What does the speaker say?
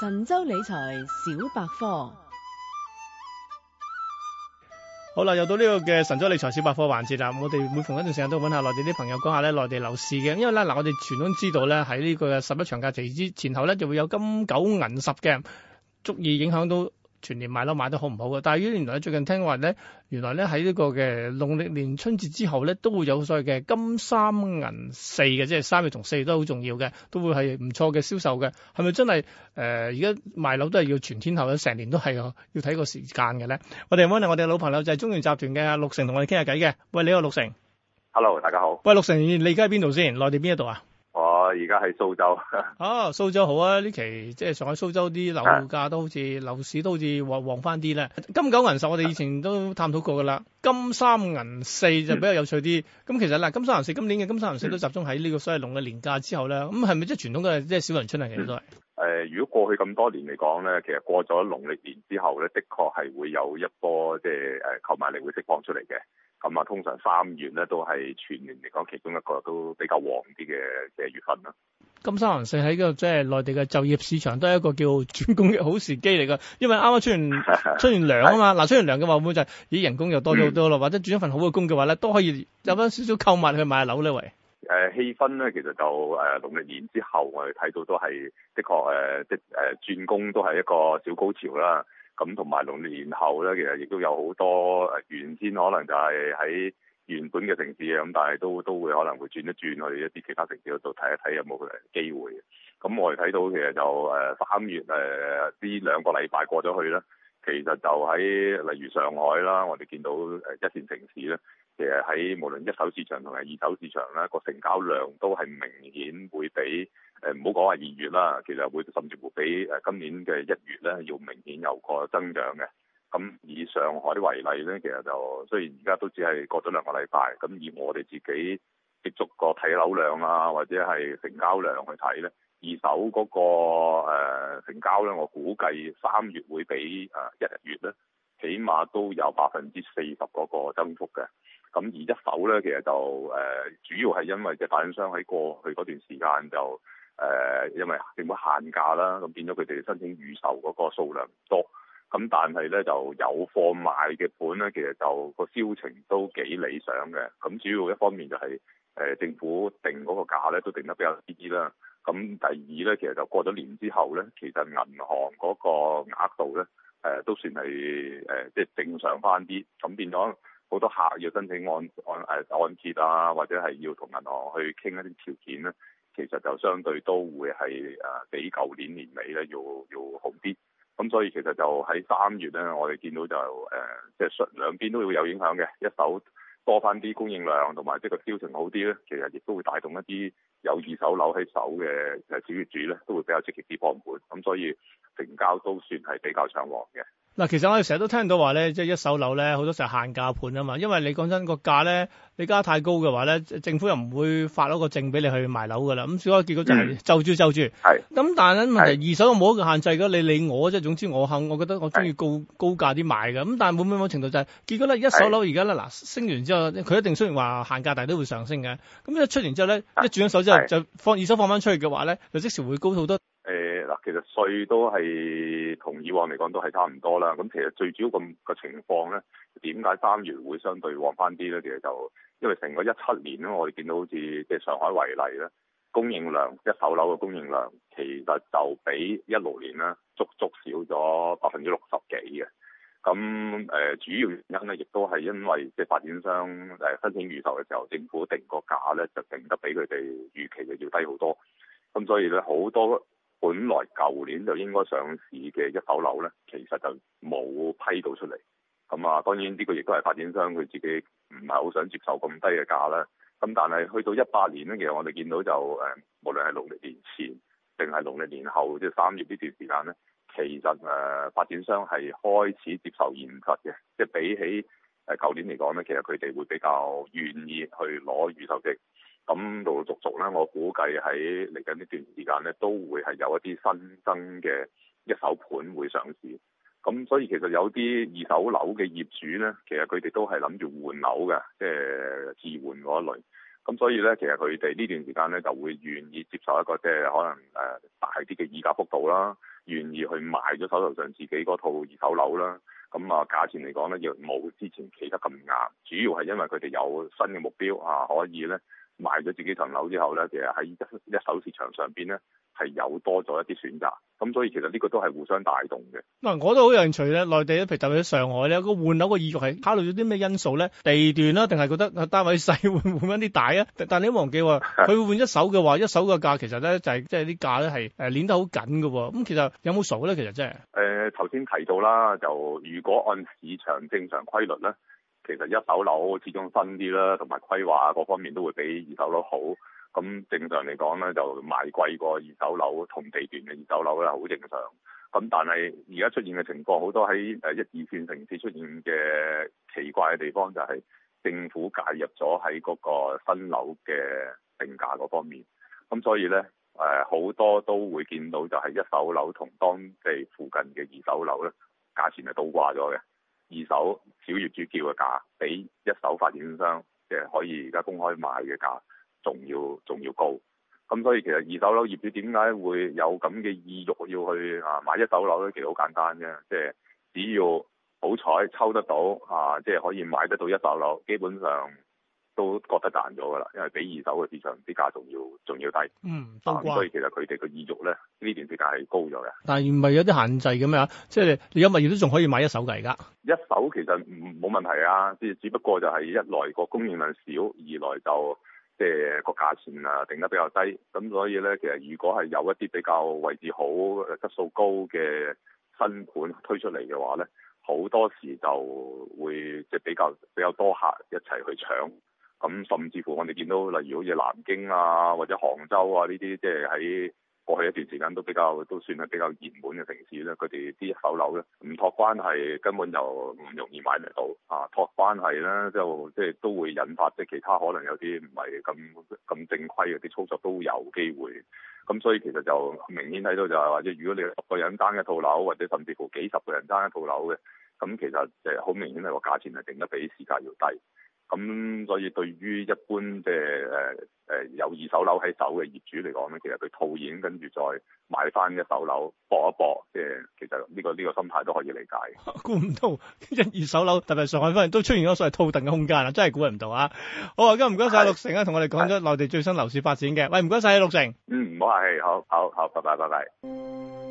神州理財小百科，好啦，又到呢個嘅神州理財小百科環節啦。我哋每逢一段時間都揾下內地啲朋友講下咧內地樓市嘅，因為咧嗱，我哋全都知道咧喺呢個十一長假期之前後咧就會有金九銀十嘅，足以影響到。全年買樓買得好唔好嘅？但係依啲原來最近聽話咧，原來咧喺呢個嘅農曆年春節之後咧，都會有所謂嘅金三銀四嘅，即係三月同四月都好重要嘅，都會係唔錯嘅銷售嘅。係咪真係誒？而家買樓都係要全天候，成年都係要睇個時間嘅咧。我哋問下我哋嘅老朋友就係、是、中原集團嘅陸成同我哋傾下偈嘅。喂，你好，陸成。Hello，大家好。喂，陸成，你而家喺邊度先？內地邊一度啊？而家喺蘇州。哦、 啊，蘇州好啊！呢期即係上海、蘇州啲樓價都好似、啊、樓市都好似旺旺翻啲咧。金九銀十，我哋以前都探討過噶啦。啊、金三銀四就比較有趣啲。咁、嗯、其實嗱，金三銀四今年嘅金三銀四都集中喺呢個所謂農曆年假之後咧。咁係咪即係傳統嘅即係小陽春嚟嘅都係？誒、嗯呃，如果過去咁多年嚟講咧，其實過咗農曆年之後咧，的確係會有一波即係誒購買力會釋放出嚟嘅。咁啊，通常三月咧都係全年嚟講其中一個都比較旺啲嘅嘅月份啦。金三銀四喺個即係內地嘅就業市場都係一個叫轉工嘅好時機嚟嘅，因為啱啱出完出完糧啊嘛，嗱 出完糧嘅話，會就啲人工又多咗好多咯，嗯、或者轉一份好嘅工嘅話咧，都可以有翻少少購物去買樓呢位。誒氣、呃、氛咧，其實就誒農曆年之後，我哋睇到都係的確誒，即誒轉工都係一個小高潮啦。咁同埋農曆年後咧，其實亦都有好多原先可能就係喺原本嘅城市嘅，咁但係都都會可能會轉一轉去一啲其他城市度睇一睇有冇誒機會。咁我哋睇到其實就誒三、呃、月誒呢兩個禮拜過咗去啦。其實就喺例如上海啦，我哋見到誒一線城市咧，其實喺無論一手市場同埋二手市場咧，個成交量都係明顯會比。誒唔好講話二月啦，其實會甚至乎比誒今年嘅一月咧，要明顯有個增長嘅。咁以上海為例咧，其實就雖然而家都只係過咗兩個禮拜，咁以我哋自己接觸個睇樓量啊，或者係成交量去睇咧，二手嗰、那個、呃、成交咧，我估計三月會比誒一月咧，起碼都有百分之四十嗰個增幅嘅。咁而一手咧，其實就誒、呃、主要係因為隻發展商喺過去嗰段時間就。誒、呃，因為政府限價啦，咁變咗佢哋申請預售嗰個數量唔多，咁但係咧就有貨賣嘅盤咧，其實就個銷情都幾理想嘅。咁主要一方面就係、是、誒、呃、政府定嗰個價咧，都定得比較低啲啦。咁第二咧，其實就過咗年之後咧，其實銀行嗰個額度咧，誒、呃、都算係誒、呃、即係正常翻啲。咁變咗好多客要申請按按誒按揭啊，或者係要同銀行去傾一啲條件啦。其實就相對都會係誒比舊年年尾咧要要好啲，咁所以其實就喺三月咧，我哋見到就誒即係雙兩邊都會有影響嘅，一手多返啲供應量，同埋即係個銷情好啲咧，其實亦都會帶動一啲有二手樓喺手嘅誒小業主咧，都會比較積極啲放盤，咁所以成交都算係比較暢旺嘅。嗱，其實我哋成日都聽到話咧，即係一手樓咧，好多時候限價盤啊嘛。因為你講真個價咧，你加太高嘅話咧，政府又唔會發嗰個證俾你去賣樓噶啦。咁所以結果就係就住就住。係、嗯。咁但係咧，問題二手又冇一個限制嘅，你理我，即係總之我肯，我覺得我中意高是高價啲買嘅。咁但係冇冇程度就係、是、結果咧，一手樓而家咧嗱，升完之後佢一定，雖然話限價，但係都會上升嘅。咁一出完之後咧，是一轉咗手之後就放是二手放翻出去嘅話咧，就即時會高好多。其實稅都係同以往嚟講都係差唔多啦。咁其實最主要個個情況呢，點解三月會相對旺翻啲呢？其實就因為成個一七年呢，我哋見到好似即係上海為例呢，供應量一手樓嘅供應量其實就比一六年呢足足少咗百分之六十幾嘅。咁誒、呃、主要原因呢，亦都係因為即係發展商誒申請預售嘅時候，政府定個價呢，就定得比佢哋預期嘅要低好多。咁所以呢，好多。本來舊年就應該上市嘅一手樓呢，其實就冇批到出嚟。咁啊，當然呢個亦都係發展商佢自己唔係好想接受咁低嘅價啦。咁但係去到一八年呢，其實我哋見到就誒，無論係農曆年前定係農曆年後，即係三月呢段時間呢，其實誒發展商係開始接受現實嘅，即係比起誒舊年嚟講呢，其實佢哋會比較願意去攞預售證。咁陸陸續續咧，我估計喺嚟緊呢段時間咧，都會係有一啲新增嘅一手盤會上市。咁所以其實有啲二手樓嘅業主咧，其實佢哋都係諗住換樓嘅，即係置換嗰一類。咁所以咧，其實佢哋呢段時間咧就會願意接受一個即係可能誒大啲嘅議價幅度啦，願意去賣咗手頭上自己嗰套二手樓啦。咁啊，價錢嚟講咧，又冇之前企得咁硬，主要係因為佢哋有新嘅目標啊，可以咧。賣咗自己層樓之後咧，其實喺一一手市場上邊咧係有多咗一啲選擇，咁所以其實呢個都係互相帶動嘅。嗱，我都好有興趣咧，內地咧，譬如特別喺上海咧，個換樓個意欲係考慮咗啲咩因素咧？地段啦、啊，定係覺得單位細會換翻啲大啊？但你都忘記話，佢換 一手嘅話，一手嘅價其實咧就係即係啲價咧係誒捏得好緊噶，咁其實有冇數咧？其實真係誒，頭先、呃、提到啦，就如果按市場正常規律咧。其實一手樓始終新啲啦，同埋規劃各方面都會比二手樓好。咁正常嚟講呢就賣貴過二手樓同地段嘅二手樓啦，好正常。咁但係而家出現嘅情況，好多喺誒一二線城市出現嘅奇怪嘅地方，就係政府介入咗喺嗰個新樓嘅定價嗰方面。咁所以呢，誒、呃、好多都會見到就係一手樓同當地附近嘅二手樓咧，價錢係倒掛咗嘅。二手小業主叫嘅價，比一手發展商嘅即係可以而家公開賣嘅價仲要仲要高。咁所以其實二手樓業主點解會有咁嘅意欲要去啊買一手樓咧？其實好簡單啫，即係只要好彩抽得到啊，即係可以買得到一手樓，基本上，都覺得賺咗噶啦，因為比二手嘅市場啲價仲要仲要低。嗯，嗯，所以其實佢哋個意欲咧呢段時間係高咗嘅。但係唔係有啲限制咁樣？即係有物業都仲可以買一手㗎而家。一手其實唔冇問題啊，即係只不過就係一來個供應量少，二來就即係個價錢啊定得比較低。咁所以咧，其實如果係有一啲比較位置好、質素高嘅新盤推出嚟嘅話咧，好多時就會即係比較比較多客一齊去搶。咁甚至乎我哋見到，例如好似南京啊，或者杭州啊呢啲，即係喺過去一段時間都比較都算係比較熱門嘅城市咧。佢哋啲一手樓咧，唔託關係根本就唔容易買得到啊！託關係咧，就即係、就是、都會引發即係其他可能有啲唔係咁咁正規嘅啲操作都有機會。咁所以其實就明顯睇到就係、是、話，即係如果你十個人爭一套樓，或者甚至乎幾十個人爭一套樓嘅，咁其實誒好明顯係個價錢係定得比市價要低。咁 所以對於一般嘅係誒有二手樓喺手嘅業主嚟講咧，其實佢套現跟住再買翻一手樓搏一搏，即係其實呢個呢個心態都可以理解嘅。估唔到一二手樓特別上海方面都出現咗所謂套戥嘅空間啦，真係估唔到啊！好啊，今日唔該曬陸成啊，同我哋講咗內地最新樓市發展嘅。喂，唔該晒你，陸成。嗯，唔好客氣，好好好，拜拜，拜拜。